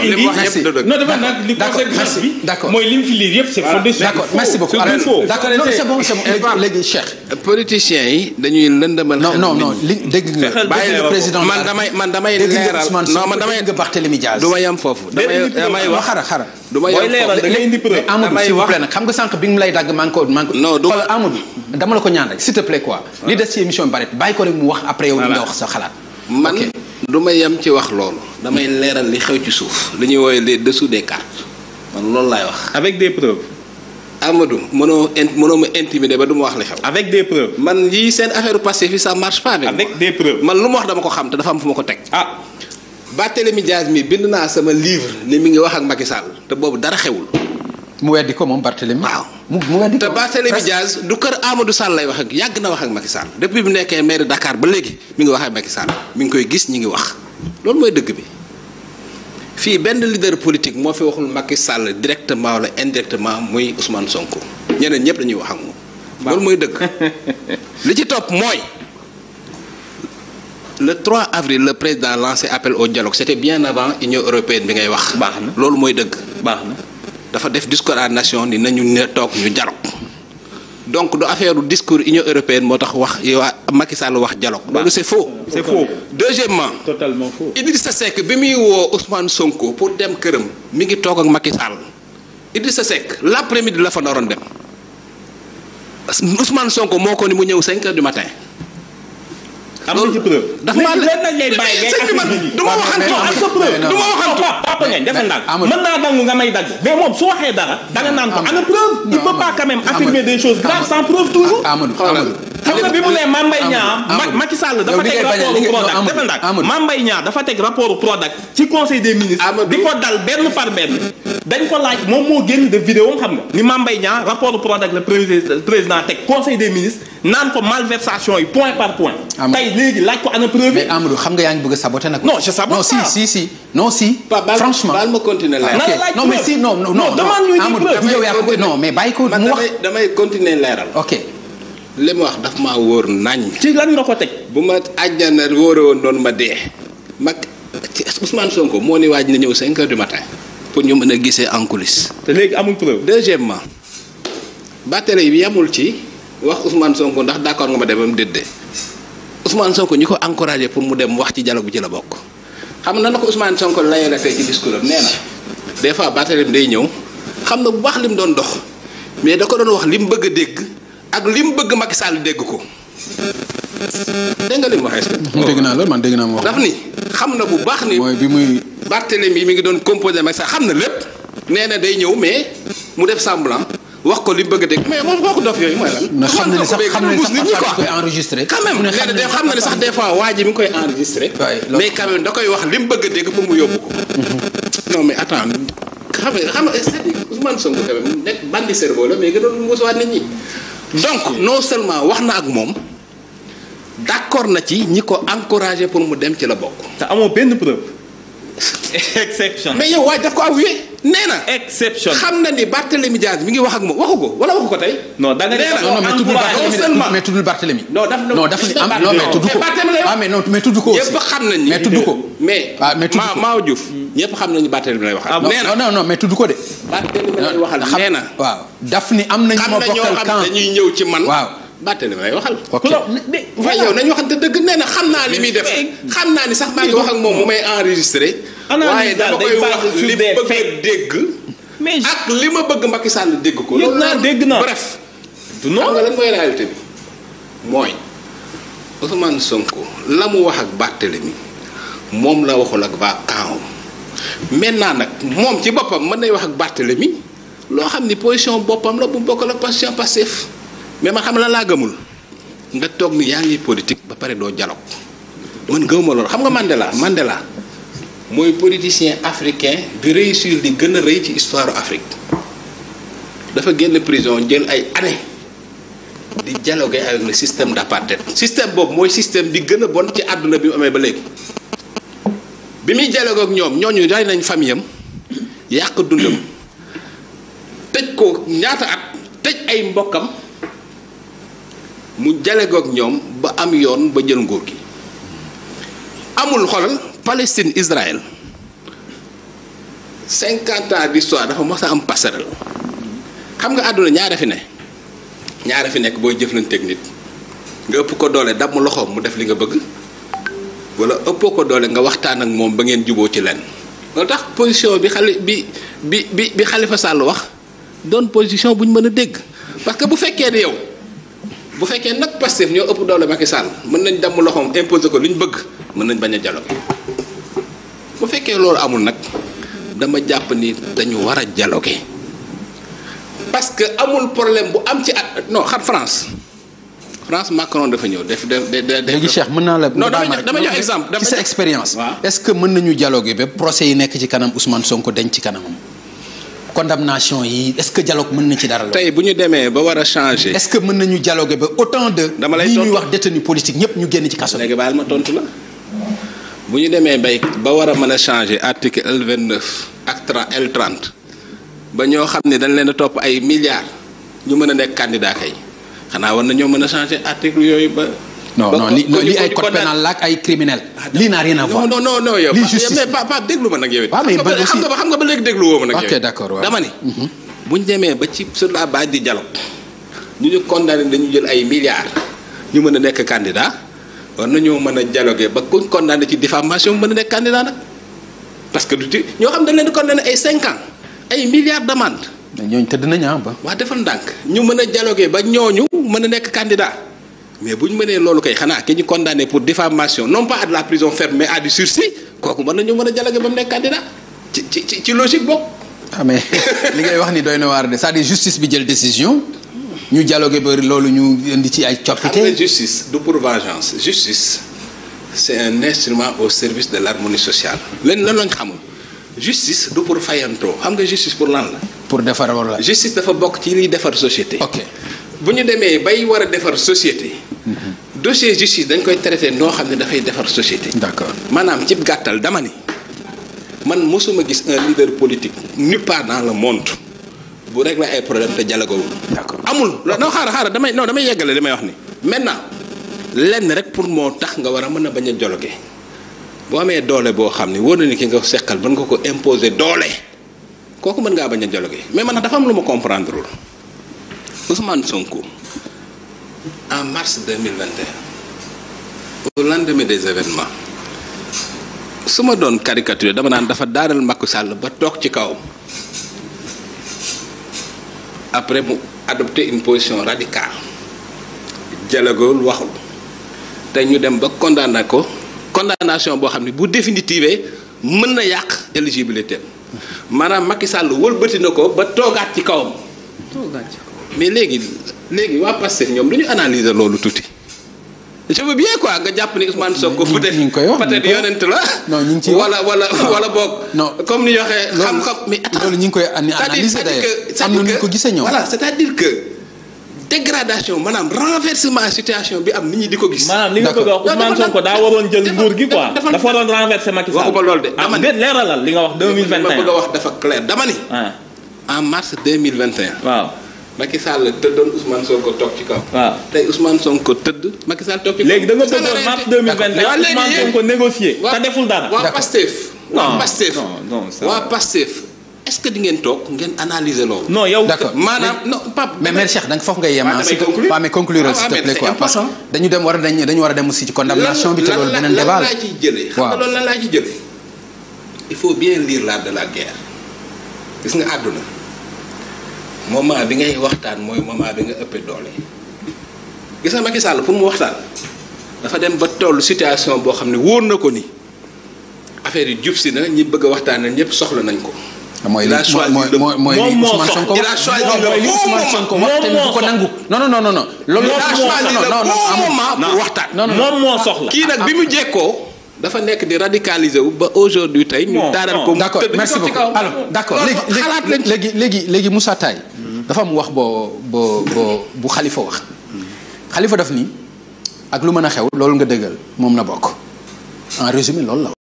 fi indi non dafa nag li conséquence merci beaucoup d'accord non c'est bon c'est bon eh, léegi Cheikh politiciens yi dañuy lëndëmal non li dégg nga bàyyi président damay leeral non man damay nga Barthélémy Dias du ma nag xam nga sànq bi mu lay dagg maa ngi ko ko non dama la ko ñaan rek s'il te plaît quoi li des ci émission bari bàyyi ko rek mu wax après yow li nga wax sa xalaat man du ma yem ci wax loolu damay leeral li xew ci suuf li ñuy woowee les dessous des cartes man loolu laay wax. avec des preuves. Amadou mënoo in mënoo ma intimider ba du ma wax li xew. avec des man yii seen affaire passé fii ça marche pas. avec, avec des preuves man lu ma wax dama ko xam te dafa am fu ma ko teg. ah Barthélémy Dias mi bind naa sama livre ni mi ngi wax ak Macky Sall te boobu dara xewul. mu weddi ko moom Barthélémy. waaw mu weddi ko te Barthélémy Dias du kër Amadou Sall lay wax ak yàgg na wax ak Macky Sall depuis bu nekkee maire Dakar ba léegi mi ngi wax ak Macky Sall mi ngi koy gis ñi ngi wax. loolu mooy dëgg bi fii benn leader politique moo fi waxul Macky sàll directement wala indirectement muy Ousmane Sonko ñeneen ñëpp dañuy waxam ak moom. loolu mooy dëgg li ci topp mooy. le 3 avril le président lancé appel au dialogue c'était bien avant Union européenne bi ngay wax. baax na loolu mooy dëgg. baax na dafa def discours à nation ni nañu ne toog ñu dialogue. donc du affaire du discours union européenne moo tax wax waa Macky Sall wax dialogue loolu c'est faux. c'est faux deuxièmement. totalement faux Idrissa bi muy woo Ousmane Sonko pour dem këram mi ngi toog ak Macky Sall Idrissa Seck l'après-midi la fa naroon dem Ousmane Sonko moo ko ni mu ñëw 5 heures du matin. am na ci preuve. daf du ma waxantu am sa preuve du ma waxantu papa ngeen defal ndànk naa dangu nga may dagg mais moom su waxee dara da nga naan ko preuve il peut pas quand même des choses graves sans preuve toujours Amadou Amadou xam nga bi mu ne Mame Mbaye Niang Macky Sall dafa teg rapport Prodac defal ci conseil des ministres di ko dal benn par benn dañ ko laaj moom moo génn de vidéo xam nga ni Mame Mbaye Niang rapport Prodac le président teg conseil des ministres naan ko malversation yi point par point tey léegi laaj ko ana preuve mais Amadou xam nga yaa ngi bëgg a saboté nag non si si si non si franchement baal ma continuer laaj non mais si ko mu wax damay continuer leeral li mu wax daf maa wóor nañ. ci lan na ko teg. bu ma àjjana wóore woon noonu ma dee. mag ci Ousmane Sonko moo ni waaj na ñëw 5 heures du matin. pour ñu mën a gisee en coulisses. te léegi amul preuve. deuxièmement batterie bi yamul ci wax Ousmane Sonko ndax d'accord nga ma dem demam déedéet Ousmane Sonko ñi ko encouragé pour mu dem wax ci dialogue bi ci la bokk. xam na na ko Ousmane Sonko layee la tey ci discours am nee na des fois batterie bi day ñëw xam na bu baax li mu doon dox mais da ko doon wax li mu bëgg a dégg. ak li mu bëgg Macky Sall dégg ko dégg nga li mu waxee sax. dégg naa la man dégg naa ma wax. daf ni xam na bu baax ni. mooy mi ngi doon composé Macky Sall xam na lépp. nee na day ñëw mais mu def semblant wax ko li mu bëgg a dégg mais moom kooku dof yooyu mooy lan. na na ni sax na xam na ni sax des fois waa ji mi ngi koy enregistré. mais quand même da koy wax li bëgg a dégg pour mu yóbbu ko. Mhm. non mais attends xam nga xam nga Ousmane Sonko tamit nekk bandi cerveau la mais nga doon mbuusawaat nit ñi. donc non seulement wax na ak moom d'accord na ci ñi ko encourager pour mu dem ci la bokk. te amoo benn preuve. exception mais yow waaye daf ko avoué. nee na exception xam na ni Barthélemy Diaz mu ngi wax ak moom waxu ko wala waxu ko tey. non da nga ne non mais tuddul Barthélemy mais tuddul Barthélemy. non daf non ni am ñëpp xam nañ mais tudd ko. mais Ma Maaw Diouf. ñëpp xam nañu ah, na non non na. waaw daf ni am na ñu ñëw ci man waaw. Barthélémy lay waxal. ok voilà yow nañu waxante dëgg nee na xam naa li muy def. xam naa ni sax maa ngi wax ak moom mu may enregistré. waaye dama koy wax li bëgg a dégg. mais ak li ma bëgg Macky Sall dégg ko. yëg naa dégg naa bref. xam nga lan mooy réalité bi mooy Ousmane Sonko la mu wax ak Barthélémy moom la waxul ak waa Kaawam maintenant nag moom ci boppam mën nay wax ak Barthélémy loo xam ni position boppam la bu bokkal ak position passif. mais ma xam lan laa gëmul nga toog ni yaa ngi politique ba pare doo dialogue mën gëmuma loolu xam nga Mandela Mandela mooy politicien africain bi réussir di gën a rëy ci histoire Afrique dafa génn prison jël ay années di dialoguer avec le système d'apartheid système boobu mooy système di gën a bon ci àdduna bi mu amee ba léegi bi muy dialogue ak ñoom ñooñu rey nañu famiyam yàq dundam tëj ko ñaata at tëj ay mbokkam mu jale jalegoog ñoom ba am yoon ba jël nguur gi amul xolal Palestine Israël cinquante ans d'histoire dafa mos a am passerelle xam nga àdduna ñaara fi ne ñaara fi nekk booy jëflanteeg nit nga ëpp ko doole damm loxo mu def li nga bëgg wala ëppoo ko doole nga waxtaan ak moom ba ngeen juboo ci lenn loolu tax position bi xali bi bi bi bi Khalifa Sall wax doon position bu ñu mën a dégg parce que bu fekkee ne yow. bu fekkee nag Pastef ñoo ëpp doole Macky Sall mën nañ damm loxoom imposé ko lu ñu bëgg mën nañ bañ a dialogué bu fekkee loolu amul nag dama jàpp ni dañu war a dialogué parce que amul problème bu am ci at non xam France France Macron dafa ñëw def def def. léegi Cheikh mën naa la. non dama jox exemple ci sa expérience. est-ce que mën nañu dialogué ba procès yi nekk ci kanam Ousmane Sonko denc ci kanamam. condamnation yi est-ce que dialogue mën na ci dara. tey bu ñu demee ba war a changer. est-ce que mën nañu dialoguer ba autant de. dama lay ñuy wax détenu politique ñëpp ñu génn ci kaso bi. léegi baal ma tontu la bu ñu demee bay ba war a mën a changer article L29 ak L30 ba ñoo xam ne dañ leen a topp ay milliards ñu mën a nekk candidat kay xanaa war nañoo mën a changer article yooyu ba. non non li li ay code pénal la ak ay criminel ah, lii n'a rien à voir non non non yow. lii justice mais pas pas déglu ma nag yow ba aussi xam nga ba léegi déglu woo ma nag yow. ok mhm. bu ñu ba ci sur la base di dialogue ñu ñu condamné dañu jël ay milliards ñu mën a nekk candidat na nañoo mën a dialoguer ba kuñ condamné ci diffamation mën a nekk candidat nag parce que du ci ñoo xam ne leen di condamné ay cinq ans ay milliards d'amende. mais ñooñu tëdd nañu ah ba. waa defal ndànk ñu mën a dialoguer ba ñooñu mën a nekk candidat mais bu ñu mënee loolu koy xanaa ki ñu condamné pour diffamation non pas à la prison ferme mais à du kooku mën nañu mën a jalage ba mu nekk candidat ci ci ci logique boobu. ah li ngay wax ni dooy na waar de c'est-à-dire justice bi jël décision ñu dialogué ba loolu ñu indi ci ay coppite. xam justice du pour vengeance justice c'est un instrument au service de l'harmonie sociale. leen lan lañ xamul justice du pour fayantoo xam nga justice pour lan la. pour defar wala. justice dafa bokk ci liy defar société. ok bu ñu demee bay war a defar société. dossier justice dañ koy traité noo xam ne dafay defar société. d'accord maanaam ci gàttal dama ni man mosuma gis un leader politique nulle part dans le monde bu réglé ay problème te jalagowul. d'accord amul non xaaral xaaral damay non damay yeggale li may wax ni maintenant lenn rek pour moo tax nga war a mën a bañ a dialoguer boo amee doole boo xam ne wóor na ni ki nga seqal mën nga ko imposer doole kooku mën ngaa bañ a jologe mais man dafa am lu ma comprendre Ousmane Sonko. en mars 2021 au lendemain des événements su ma doon caricature dama naan dafa daanal makk Sall ba toog ci kawam après mu adopté une position radicale dialogue waxul te ñu dem ba condamné ko condamnation boo xam ne bu définitive mën na yàq éligibilité maanaam Macky Sall wëlbati na ko ba toogaat ci kawam. toogaat ci kawam mais léegi. léegi waa Pastef ñoom du ñu analyser loolu tuuti. je veux bien quoi nga jàpp ni Ousmane Sonko peut être peut être yonent ñu ngi comme ni waxee. xam-xam mais ngi koy analyser d'ailleurs am na ñu ko gisee ñoom voilà cest à bi am nit ñi di ko gis. maanaam li nga bëgg a wax Ousmane daa waroon jël nguur gi dafa waroon ma bëgg a wax dafa clair dama ni. Ah. en mars 2021. waaw. Macky Sall tëddoon Ousmane Sonko toog ci kaw. waaw tey Ousmane Sonko tëdd. Macky Sall toog ci kaw léegi da nga bëggoon mars 2021 Ousmane Sonko négocié. te deful dara waa Pastef. non non non waa Pastef. est-ce que di ngeen toog ngeen analyser loolu. non yow d'accord maanaam non Pape. mais mais Cheikh da nga foofu ngay yem. waaw mais conclure ah, s'il te plaît quoi dañu dem war a dañu dañu war a dem aussi ci condamnation bi. te loolu beneen débat la lan laa ciy jëlee. xam nga loolu lan laa ciy jëlee. il faut bien lire l'art de la guerre gis nga àdduna moment bi ngay waxtaan mooy moment bi nga ëpp doole gis nga Macky Sall pour mu waxtaan dafa dem ba toll situation boo xam ne wóor na ko ni affaire yi jub si na ñi bëgg a waxtaanee ñëpp soxla nañ ko. mooy li mooy mooy li Ousmane Sonko wax mooy li Ousmane Sonko wax te waxtaan. non non non kii nag bi mu jekkoo. dafa nekk di radicaliser wu ba aujourd'hui tey. ñu daaral ko d'accord merci beaucoup alors d'accord léegi léegi léegi léegi Moussa Taye dafa am wax boo bo bu xalifa wax. xalifa daf nii ak lu mën a xew loolu nga dëggal moom na bokk en résumé loolu la.